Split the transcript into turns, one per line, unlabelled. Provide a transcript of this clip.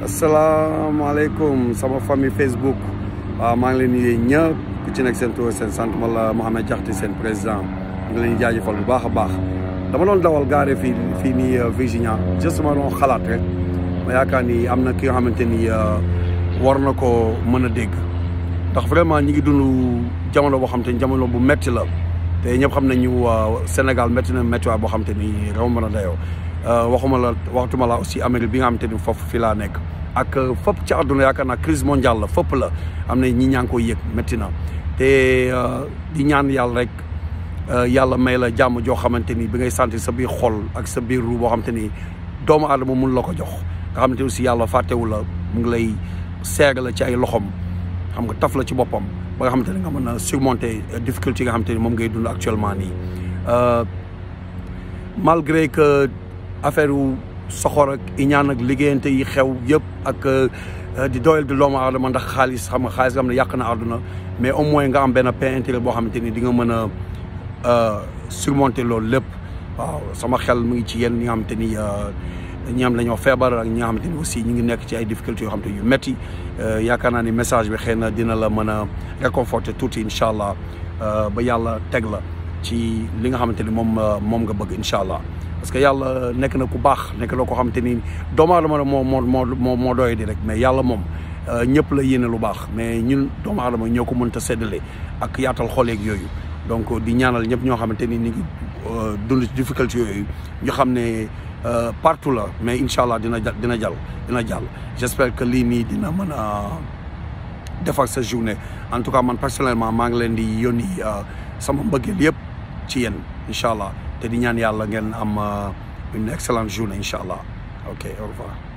asalaamaaleykum sama famille Facebook waaw ah, maa ngi leen di yéen ñëpp ku ci nekk seen tur seen sant man la Mouhamed Diakhaté seen président ñu ngi leen di jaajëfal bu baax a baax dama doon dawal gaare fii fii nii euh, Virginia justement doon xalaat rek ma yaakaar ni am na ki nga xamante ni euh, war na ko mën a dégg ndax vraiment ñi ngi dund jamono boo xam te ni jamono bu metti la te ñëpp xam nañu euh, Sénégal métti na méttiwaay boo xam te ni raw mën a dayoo Euh, waxuma la waxtuma la aussi Amérique bi nga xamante ni foofu fii laa nekk ak euh, fépp ci àdduna yaakaar naa crise mondiale la fépp la am na ñi ñaa ngi koy yëg métti te euh, di ñaan yàlla rek yàlla may la jàmm joo xamante ni bi ngay sentir sa biir xol ak sa biir ru boo xamante ni doomu aadama mun la ko jox nga xamante aussi yàlla fàttewu la mu ngi lay seere la ci ay loxom xam nga taf la ci boppam ba nga xamante ni nga mën a surmonter difficulté yi nga xamante ni moom ngay dund actuellement nii affaire soxor ak iñaan ak liggéeyante yi xew yëpp ak euh, di doyal di doomu aadama ndax xaalis xam nga xaalis nga xam ne yàq na àdduna mais au moins nga am benn pain intérêt boo xamante ni di nga mën a euh, surmonter loolu lépp waaw sama xel mu ngi ci yéen ñi nga xamante ni euh, ñi am dañoo feebar ak ñi nga xamante ni aussi ñu ngi nekk ci ay difficultés yoo xamante ni yu métti yaakaar naa ni message bi xëy na dina la mën a réconforter tuuti incha allah ba yàlla teg la. ci li nga xamanteni ni moom euh, moom nga bëgg inshallah allah parce que yalla euh, nek na ku bax nek na ko xamanteni ni doomu aadama mo mo mo doy di rek mais yalla mom euh, ñepp la yene lu bax mais ñun doomu aadama ñoko mënta sédélé ak yaatal ak yoyu donc di ñaanal ñepp ño xamanteni ni ngi dund ci difficulté yoyu ñu xamné partout la mais inshallah dina dina jall dina jall j'espère que li ni dina mëna defal sa journée en tout cas man personnellement ma ngi di yoni sama mbëggeel yépp ci yéen allah te di ñaan yàlla ngeen am euh, une excellente journée allah ok